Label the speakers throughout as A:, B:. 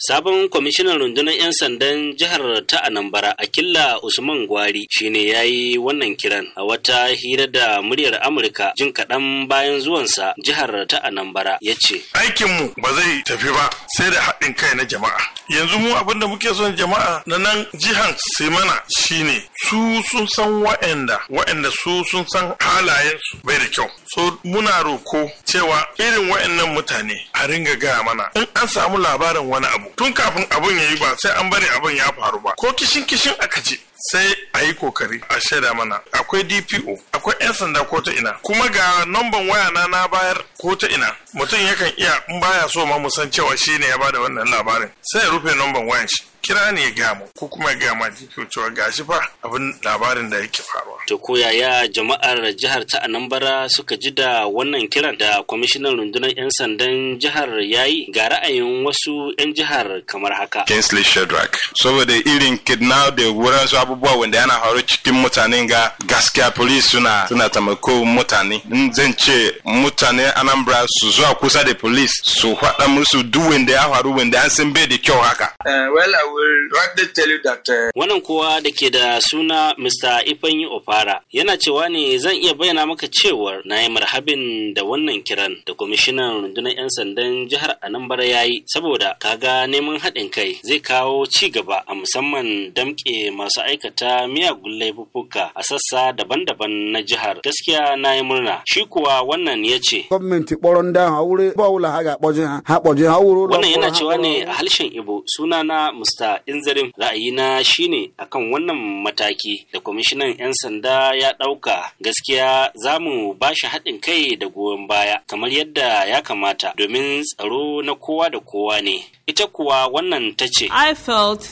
A: Sabon kwamishinan rundunar 'yan sandan jihar ta Anambra Akilla Usman Gwari shine ya yi wannan kiran a wata hira da muryar Amurka jin kaɗan bayan zuwansa jihar ta Anambra ya ce. Aikinmu ba zai tafi ba sai da haɗin kai na jama'a.
B: Yanzu mu abin da muke son jama'a na nan jihar Simana shine su sun san wa'anda wa'anda su sun san halayensu bai da kyau. So muna roko cewa irin wa'annan mutane a ringa gaya mana in an samu labarin wani abu tun kafin abin ya yi ba sai an bari abin ya faru ba ko kishin kishin aka ji sai a yi kokari a shaida mana akwai dpo akwai 'yan sanda ko ta ina kuma ga namban waya na na bayar ko ta ina mutum yakan iya in baya so ma musan cewa shi ne ya bada wannan labarin sai ya rufe nomban wayan shi kira ne ya gamu ko kuma ya gama jikin cewa gashi fa abin labarin da yake faruwa.
A: To ko yaya jama'ar jihar ta Anambra suka ji da wannan kiran da kwamishinan rundunar 'yan sandan jihar yayi yi ga ra'ayin wasu 'yan jihar kamar haka.
C: Kingsley Shadrack. Saboda irin kidnap da wurin su abubuwa wanda yana faru cikin mutanen ga gaskiya police suna suna taimako mutane. In zan ce mutane Anambra su zuwa kusa da police su faɗa musu duk wanda ya faru wanda an san bai da kyau haka.
A: Eh, well, I will rightly tell you that. Uh, wannan kowa da ke da suna Mr. Ifanyi Ofara yana cewa ne zan iya bayyana maka cewar na yi marhabin da wannan kiran da kwamishinan rundunar 'yan sandan jihar Anambra ya yi saboda kaga neman haɗin kai zai kawo ci gaba a musamman damƙe masu aikata miyagun laifuka a sassa daban-daban na jihar. Gaskiya na yi murna. Shi kuwa wannan ya ce. Gwamnati ɓoron da haure ba wula ha ɓoje ha Wannan yana cewa ne a harshen Ibo suna na Mr. da inzarin ra'ayina shine akan wannan mataki da kwamishinan 'yan sanda ya ɗauka gaskiya za mu ba shi haɗin kai da goyon baya kamar yadda ya kamata domin tsaro na kowa da kowa ne ita kuwa wannan ta ce I felt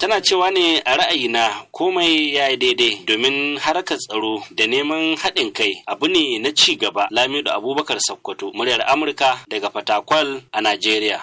A: tana cewa ne a ra'ayina komai ya yi daidai domin harkar tsaro da neman haɗin kai abu ne na ci gaba Lamido Abubakar Sokoto muryar Amurka daga Fatakwal a Najeriya